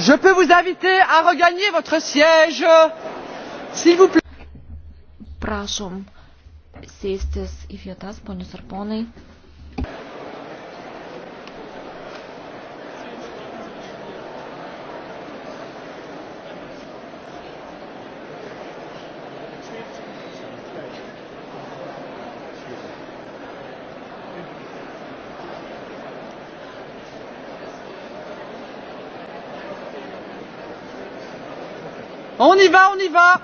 je peux vous inviter à regagner votre siège s'il vous plaît. Prašom sėstis į vietas, ponius ir ponai. On y va, on y va.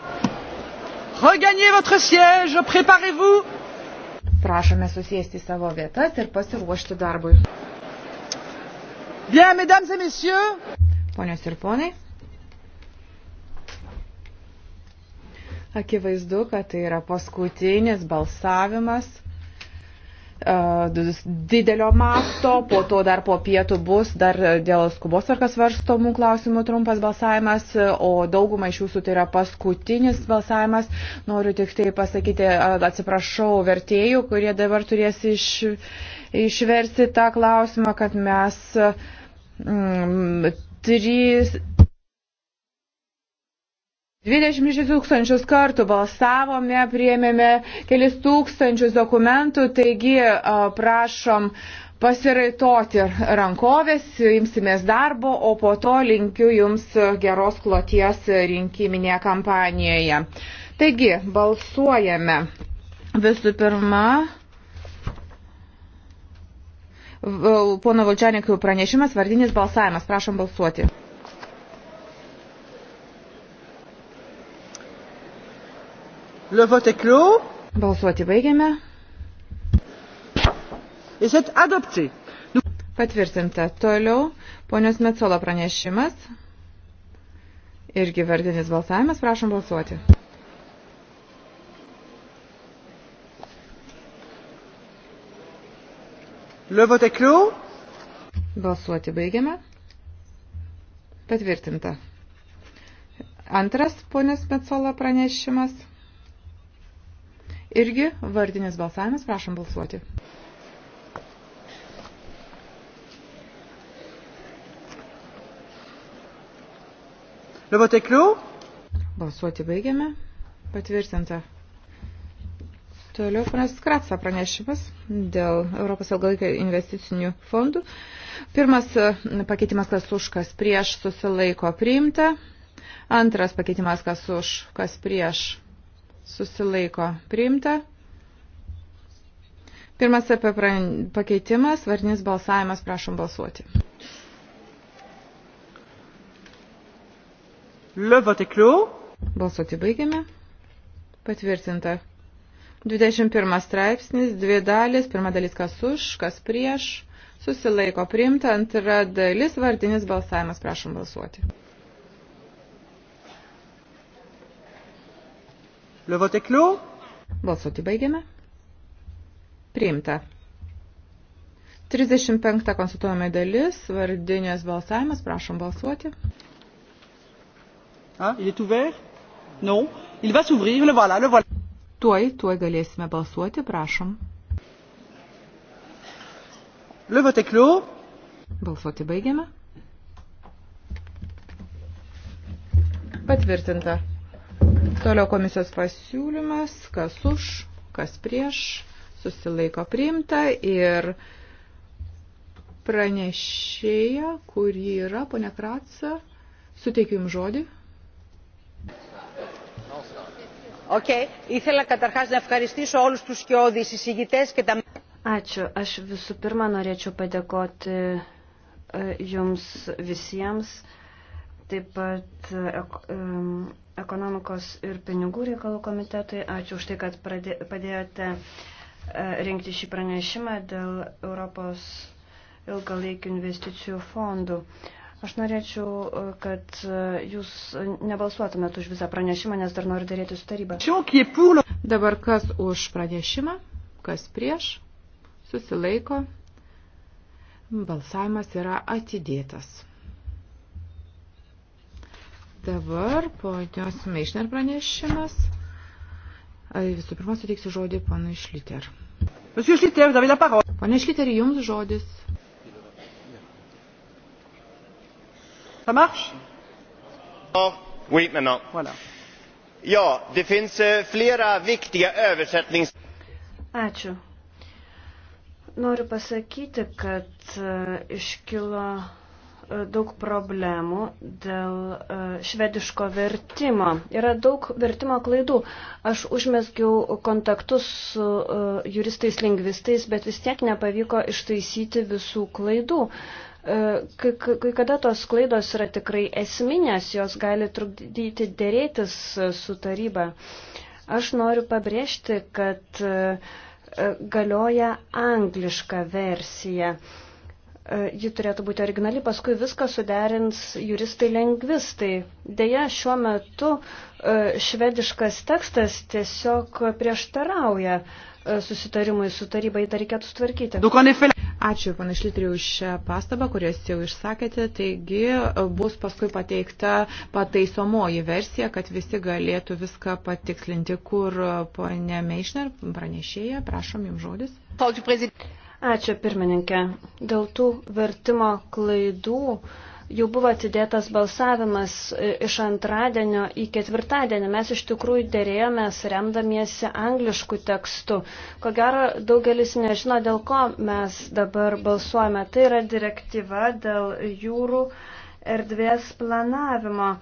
Regagnez votre siège, préparez-vous. Prašome susėsti savo vietas ir pasiruošti darbui. Bien, mesdames et messieurs. Ponios ir ponai. Akivaizdu, kad tai yra paskutinis balsavimas didelio masto, po to dar po pietų bus dar dėl skubos tvarkas varstomų klausimų trumpas balsavimas, o dauguma iš jūsų tai yra paskutinis balsavimas. Noriu tik tai pasakyti, atsiprašau vertėjų, kurie dabar turės iš, išversti tą klausimą, kad mes mm, trys. 26 tūkstančius kartų balsavome, priėmėme kelis tūkstančius dokumentų, taigi prašom pasiraitoti rankovės, imsimės darbo, o po to linkiu Jums geros kloties rinkiminėje kampanijoje. Taigi, balsuojame. Visų pirma, pono Valčianikų pranešimas, vardinis balsavimas. Prašom balsuoti. Le vote est clos. Balsuoti baigiame. Et c'est adopté. Patvirtinta. Toliau ponios Metsola pranešimas. Irgi vardinis balsavimas. Prašom balsuoti. Le vote est clos. Balsuoti baigiame. Patvirtinta. Antras ponios Metsola pranešimas. Irgi vardinis balsavimas, prašom balsuoti. Le vote est clos. Balsuoti baigiame. Patvirtinta. Toliau panas Kratsa pranešimas dėl Europos ilgalaikio investicinių fondų. Pirmas e, pakeitimas, kas už, kas prieš, susilaiko priimta. Antras pakeitimas, kas už, kas prieš, susilaiko priimta. Pirmas apie pakeitimas, varnis balsavimas, prašom balsuoti. Le vote est clos. Balsuoti baigiame. Patvirtinta. 21 straipsnis, dvi dalis, pirma dalis kas už, kas prieš, susilaiko priimta, antra dalis vardinis balsavimas, prašom balsuoti. Le vote est clos. Balsuoti baigiame. Priimta. 35 konsultuojama dalis, vardinės balsavimas, prašom balsuoti. Ah, il est ouvert? Non. Il va s'ouvrir, le voilà, le voilà. Tuoj, tuoj galėsime balsuoti, prašom. Le vote est clos. Balsuoti baigiame. Patvirtinta. Toliau komisijos pasiūlymas, kas už, kas prieš, susilaiko priimta ir pranešėja, kuri yra, ponia Kratsa, suteikiu jums žodį. Okay. Ačiū. Aš visų pirma norėčiau padėkoti e, jums visiems, taip pat e, ekonomikos ir pinigų reikalų komitetui. Ačiū už tai, kad pradė, padėjote e, rinkti šį pranešimą dėl Europos ilgalaikių investicijų fondų. Aš norėčiau, e, kad e, jūs nebalsuotumėt už visą pranešimą, nes dar noriu daryti su taryba. Dabar kas už pranešimą, kas prieš, susilaiko. Balsavimas yra atidėtas. Dabar ponios Meišner pranešimas. Visų pirma, suteiksiu žodį ponui Šliter. Pane Šliter, jums žodis. Ça marche Ja, oui maintenant. Voilà. Ja, det finns eh, flera viktiga översättnings... Ačiū. Noriu pasakyti, kad eh, iškilo E, daug problemų dėl e, švediško vertimo. Yra daug vertimo klaidų. Aš užmesgiau kontaktus su e, juristais lingvistais, bet vis tiek nepavyko ištaisyti visų klaidų. Kai, kai kada tos klaidos yra tikrai esminės, jos gali trukdyti dėrėtis su taryba. Aš noriu pabrėžti, kad galioja angliška versija. E, ji turėtų būti originali, paskui viską suderins juristai lengvistai. Deja, šiuo metu e, švediškas tekstas tiesiog prieštarauja e, susitarimui su taryba, jį tą reikėtų sutvarkyti. Ačiū, panašlitriu, už pastabą, kurias jau išsakėte. Taigi bus paskui pateikta pataisomoji versija, kad visi galėtų viską patikslinti, kur ponė Meišner pranešėja. Prašom, jums žodis. Ačiū, prezidentė. Ačiū pirmininkė. Dėl tų vertimo klaidų jau buvo atidėtas balsavimas e, iš antradienio į ketvirtadienį. Mes iš tikrųjų dėrėjomės remdamiesi angliškų tekstų. Ko gero, daugelis nežino, dėl ko mes dabar balsuojame. Tai yra direktyva dėl jūrų erdvės planavimo.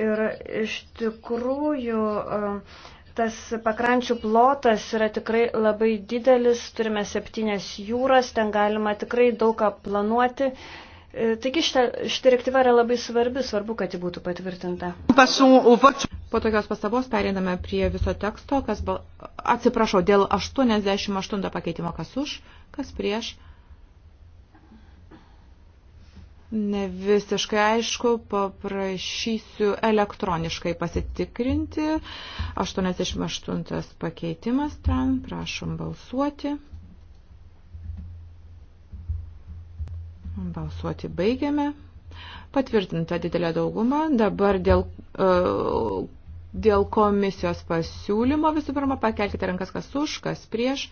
Ir iš tikrųjų. Uh, tas pakrančių plotas yra tikrai labai didelis, turime septynės jūras, ten galima tikrai daug ką planuoti. E, taigi ši direktyva yra labai svarbi, svarbu, kad ji būtų patvirtinta. Po tokios pastabos pereiname prie viso teksto, kas, atsiprašau, dėl 88 pakeitimo, kas už, kas prieš, Ne visiškai aišku, paprašysiu elektroniškai pasitikrinti. 88 pakeitimas ten, prašom balsuoti. Balsuoti baigiame. Patvirtinta didelė dauguma. Dabar dėl, e, dėl komisijos pasiūlymo visų pirma pakelkite rankas, kas už, kas prieš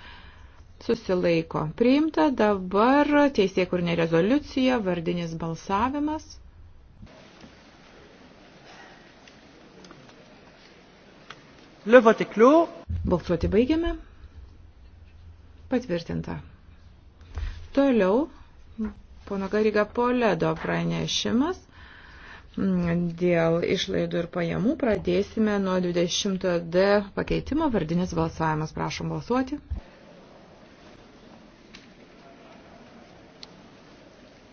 susilaiko. Priimta dabar teisėkurinė rezoliucija, vardinis balsavimas. Le vote clos. Balsuoti baigiame. Patvirtinta. Toliau pono Gariga Poledo pranešimas mm, dėl išlaidų ir pajamų. Pradėsime nuo 20D pakeitimo. Vardinis balsavimas. Prašom balsuoti.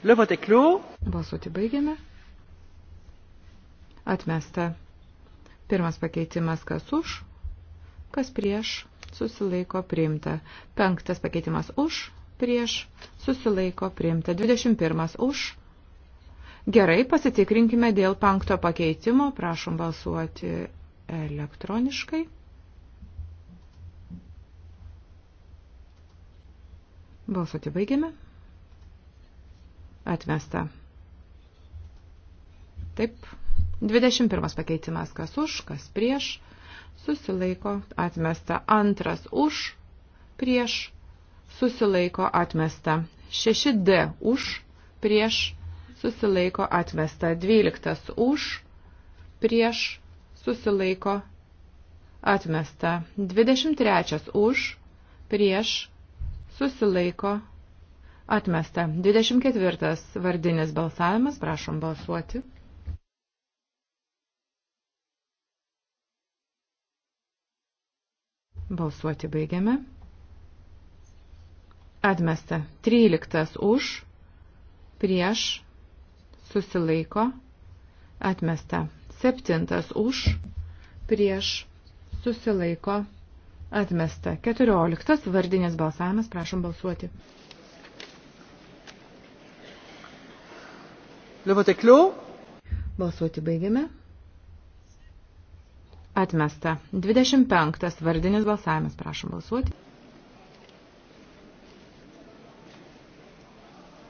Le vote est clos. Balsuoti baigiame. Atmesta. Pirmas pakeitimas kas už, kas prieš, susilaiko priimta. Penktas pakeitimas už, prieš, susilaiko priimta. 21 už. Gerai, pasitikrinkime dėl penkto pakeitimo. Prašom balsuoti elektroniškai. Balsuoti baigiame. Atmesta. Taip. 21 pakeitimas. Kas už, kas prieš. Susilaiko. Atmesta. Antras už, prieš. Susilaiko. Atmesta. 6D už, prieš. Susilaiko. Atmesta. 12 už, prieš. Susilaiko. Atmesta. 23 už, prieš. Susilaiko. Atmesta. 24. Vardinis balsavimas. Prašom balsuoti. Balsuoti baigiame. Atmesta. 13. Už. Prieš. Susilaiko. Atmesta. 7. Už. Prieš. Susilaiko. Atmesta. 14. Vardinis balsavimas. Prašom balsuoti. Le vote est clos. Balsuoti baigiame. Atmesta. 25. Vardinis balsavimas. Prašom balsuoti.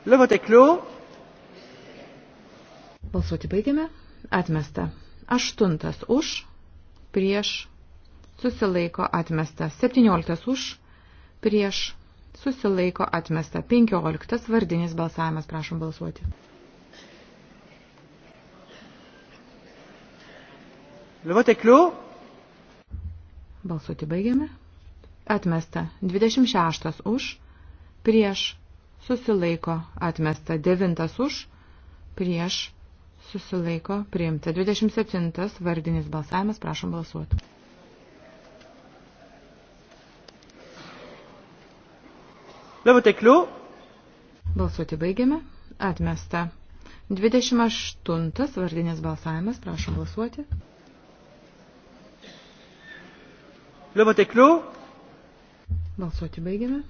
Le vote est clos. Balsuoti baigiame. Atmesta. Aštuntas už, prieš, susilaiko atmesta. Septynioliktas už, prieš, susilaiko atmesta. Penkioliktas vardinis balsavimas. Prašom balsuoti. Le vote est clos. Balsuoti baigiame. Atmesta 26 už, prieš susilaiko atmesta 9 už, prieš susilaiko priimta 27 vardinis balsavimas, prašom balsuoti. Le vote est clos. Balsuoti baigiame. Atmesta 28 vardinis balsavimas, prašom balsuoti. Le vote est clos. Balsuoti baigiame.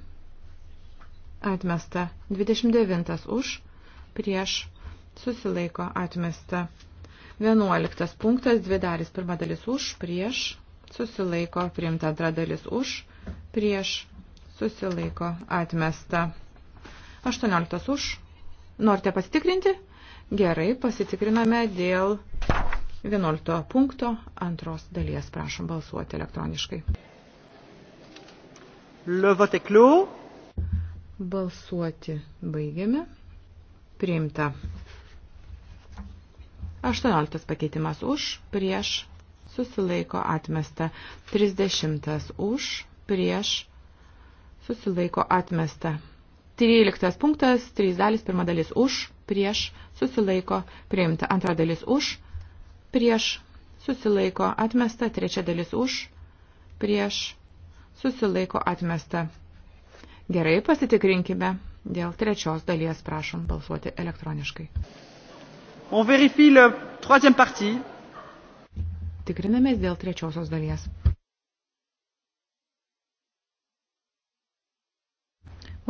Atmesta. 29 už. Prieš. Susilaiko. Atmesta. 11 punktas. Dvi dalis. Pirma dalis už. Prieš. Susilaiko. Priimta antra dalis už. Prieš. Susilaiko. Atmesta. 18 už. Norite pasitikrinti? Gerai, pasitikriname dėl 11 punkto antros dalies. Prašom balsuoti elektroniškai. Le vote est clos. Balsuoti baigiame. Priimta. 18 pakeitimas už, prieš, susilaiko atmesta. 30 už, prieš, susilaiko atmesta. 13 punktas, 3 dalis, pirma dalis už, prieš, susilaiko, priimta. Antra dalis už, prieš susilaiko atmesta, trečia dalis už, prieš susilaiko atmesta. Gerai, pasitikrinkime. Dėl trečios dalies prašom balsuoti elektroniškai. On vérifie le troisième partie. Tikrinamės dėl trečiosios dalies.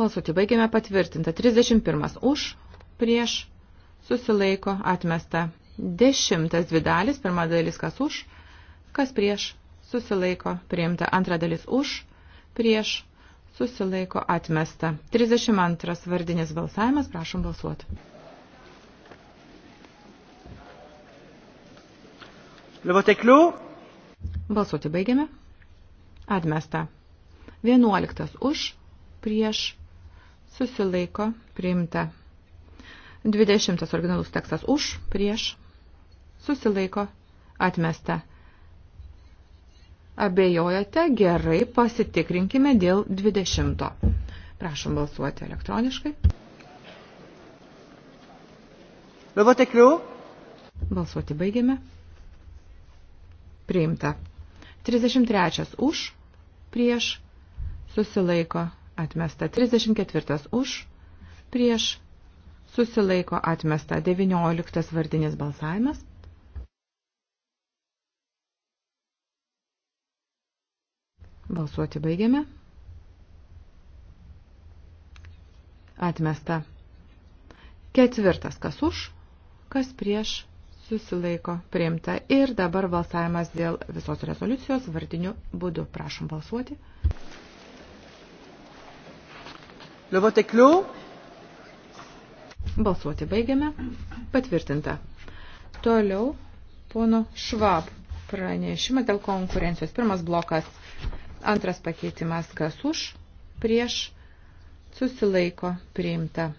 Balsuoti baigėme patvirtinta. 31 už, prieš, susilaiko, atmesta. Dešimtas dvi dalis, pirma dalis kas už, kas prieš, susilaiko, priimta. Antra dalis už, prieš, susilaiko, atmesta. 32 vardinis balsavimas, prašom balsuoti. Le vote clos. Balsuoti baigiame. Atmesta. 11 už, prieš, susilaiko, priimta. 20 originalus tekstas už, prieš, susilaiko, atmesta. Abejojate, gerai, pasitikrinkime dėl 20. Prašom balsuoti elektroniškai. Balsuoti baigiame. Priimta. 33 už, prieš, susilaiko, atmesta. 34 už, prieš, susilaiko, atmesta. 19 vardinis balsavimas. Balsuoti baigiame. Atmesta. Ketvirtas, kas už, kas prieš, susilaiko, priimta. Ir dabar balsavimas dėl visos rezoliucijos vardiniu būdu. Prašom balsuoti. Le vote clos. Balsuoti baigiame. Patvirtinta. Toliau pono Švab pranešimas dėl konkurencijos. Pirmas blokas. Antras pakeitimas, kas už, prieš, susilaiko, priimta.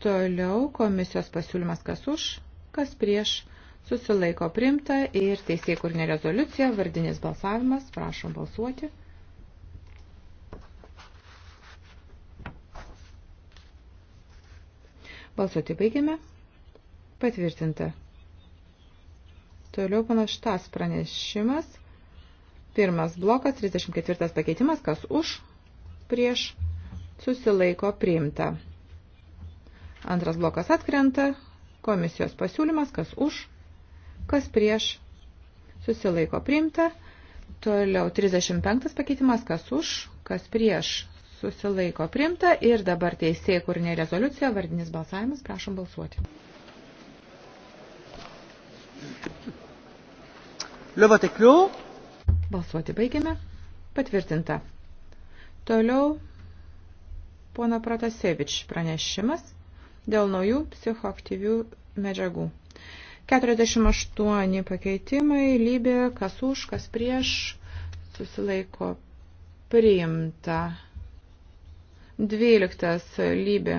Toliau komisijos pasiūlymas, kas už, kas prieš, susilaiko, priimta. Ir teisėjai kurnė rezoliucija, vardinis balsavimas, prašom balsuoti. Balsuoti baigiame. Patvirtinta. Toliau panaštas pranešimas. Pirmas blokas, 34 pakeitimas, kas už, prieš, susilaiko priimta. Antras blokas atkrenta, komisijos pasiūlymas, kas už, kas prieš, susilaiko priimta. Toliau 35 pakeitimas, kas už, kas prieš, susilaiko priimta. Ir dabar teisėjai kūrinė rezoliucija, vardinis balsavimas, prašom balsuoti. Le vote est clos. Balsuoti baigiame. Patvirtinta. Toliau pono Protasevič pranešimas dėl naujų psichoaktyvių medžiagų. 48 pakeitimai, lybė, kas už, kas prieš, susilaiko priimta. 12 lybė.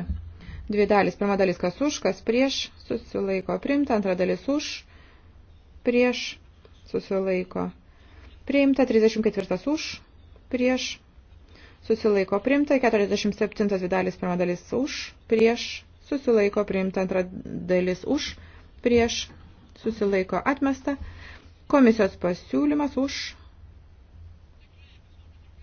Dvi dalis. Pirma dalis kas už, kas prieš, susilaiko priimta. Antra dalis už, prieš, susilaiko priimta priimta, 34 už, prieš, susilaiko priimta, 47 dvi dalis pirma dalis už, prieš, susilaiko priimta antra dalis už, prieš, susilaiko atmesta, komisijos pasiūlymas už.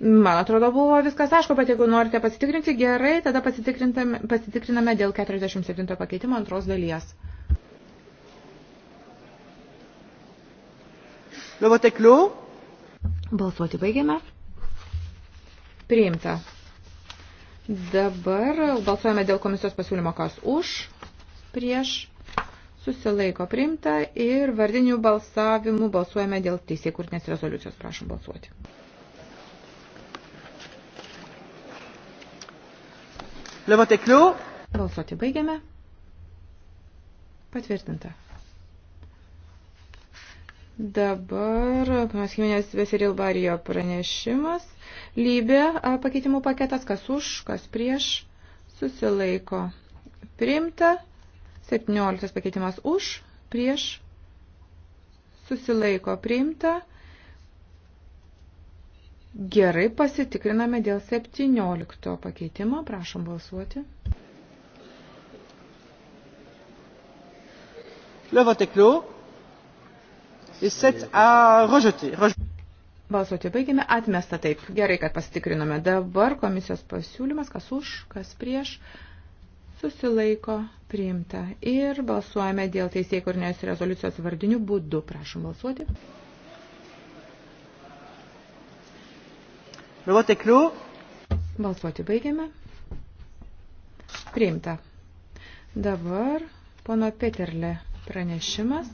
Man atrodo, buvo viskas aišku, bet jeigu norite pasitikrinti gerai, tada pasitikriname dėl 47 pakeitimo antros dalies. Le vote est clos. Balsuoti baigiame. Priimta. Dabar balsuojame dėl komisijos pasiūlymo, kas už, prieš, susilaiko priimta ir vardinių balsavimų balsuojame dėl teisėkurtinės rezoliucijos. Prašom balsuoti. Le vote est clos. Balsuoti baigiame. Patvirtinta. Dabar, panas Jiminės Veserilbarijo pranešimas. Lybė pakeitimų paketas, kas už, kas prieš, susilaiko. Priimta. 17 pakeitimas už, prieš, susilaiko. Priimta. Gerai, pasitikriname dėl 17 pakeitimo. Prašom balsuoti. Le vote clos et 7 à rejeter. Balsuoti baigėme, atmesta taip. Gerai, kad pasitikrinome. Dabar komisijos pasiūlymas, kas už, kas prieš, susilaiko priimta. Ir balsuojame dėl teisėkurnės rezoliucijos vardinių būdų. Prašom balsuoti. Balsuoti baigėme. Priimta. Dabar pono Peterle pranešimas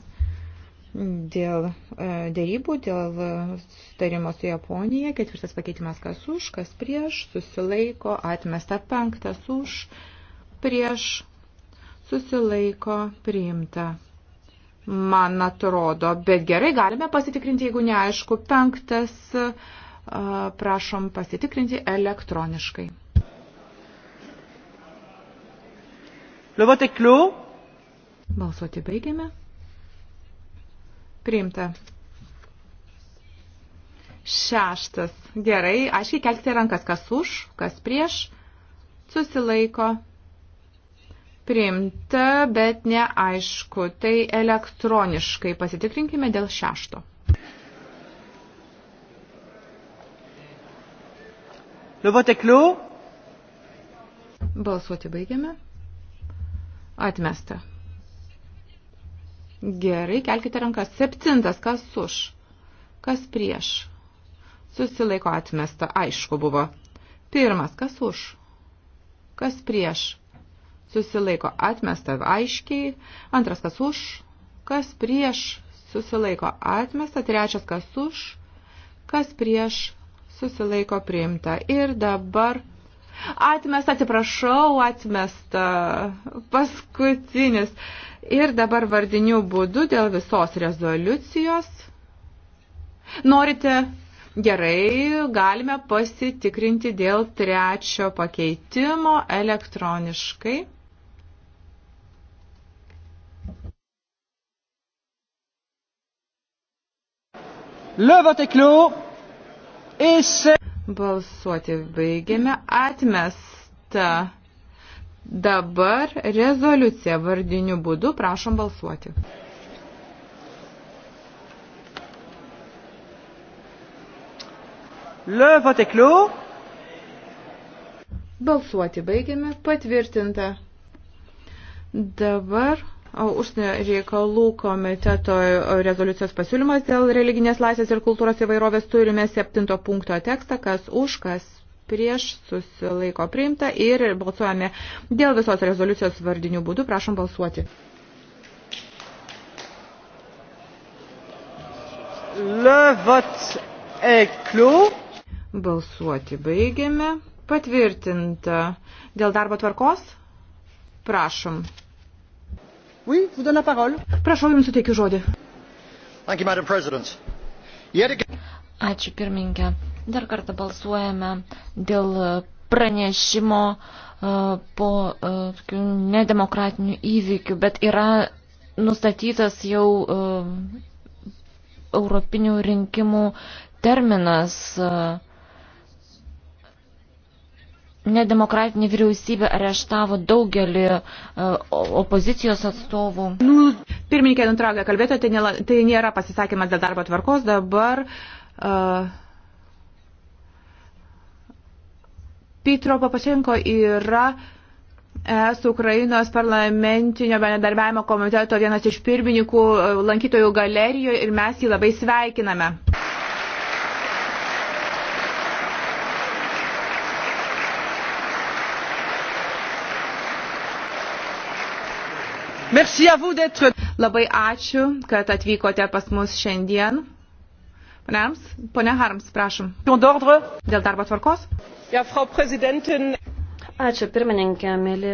dėl e, dėrybų, dėl sutarimo su Japonija. Ketvirtas pakeitimas kas už, kas prieš, susilaiko, atmesta penktas už, prieš, susilaiko, priimta. Man atrodo, bet gerai galime pasitikrinti, jeigu neaišku. Penktas, e, prašom pasitikrinti elektroniškai. Le vote est clos. Balsuoti baigiame. Priimta. Šeštas. Gerai, aiškiai kelkite rankas, kas už, kas prieš. Susilaiko. Priimta, bet neaišku. Tai elektroniškai pasitikrinkime dėl šešto. Le vote est clos. Balsuoti baigiame. Atmesta. Gerai, kelkite rankas. Septintas, kas už? Kas prieš? Susilaiko atmesta, aišku buvo. Pirmas, kas už? Kas prieš? Susilaiko atmesta, aiškiai. Antras, kas už? Kas prieš? Susilaiko atmesta. Trečias, kas už? Kas prieš? Susilaiko priimta. Ir dabar Atmesta, atsiprašau, atmesta. Paskutinis. Ir dabar vardinių būdų dėl visos rezoliucijos. Norite Gerai, galime pasitikrinti dėl trečio pakeitimo elektroniškai. Le vote est clos. Et c'est... Balsuoti baigėme. Atmesta. Dabar rezoliucija vardiniu būdu. Prašom balsuoti. Le vote est clos. Balsuoti baigėme. Patvirtinta. Dabar užsienio reikalų komiteto rezoliucijos pasiūlymas dėl religinės laisvės ir kultūros įvairovės turime septinto punkto tekstą, kas už, kas prieš susilaiko priimta ir balsuojame dėl visos rezoliucijos vardinių būdų. Prašom balsuoti. Le vote est clos. Balsuoti baigiame. Patvirtinta. Dėl darbo tvarkos? Prašom. Oui, vous donne la parole. Prašau, jums suteikiu žodį. Thank you, Madam President. Yet again... Ačiū pirmininkė. Dar kartą balsuojame dėl pranešimo e, po e, tokių nedemokratinių įvykių, bet yra nustatytas jau e, europinių rinkimų terminas. Uh, nedemokratinė vyriausybė areštavo daugelį e, opozicijos atstovų. Nu, pirmininkė nutraukė kalbėti, tai, nėra, tai nėra pasisakymas dėl darbo tvarkos. Dabar uh, Petro Papašenko yra Es Ukrainos parlamentinio bendradarbiavimo komiteto vienas iš pirmininkų e, lankytojų galerijoje ir mes jį labai sveikiname. Labai ačiū, kad atvykote pas mus šiandien. Ponems, pone Harms, prašom. Dėl darbo tvarkos? Ja, Ačiū, pirmininkė, mėly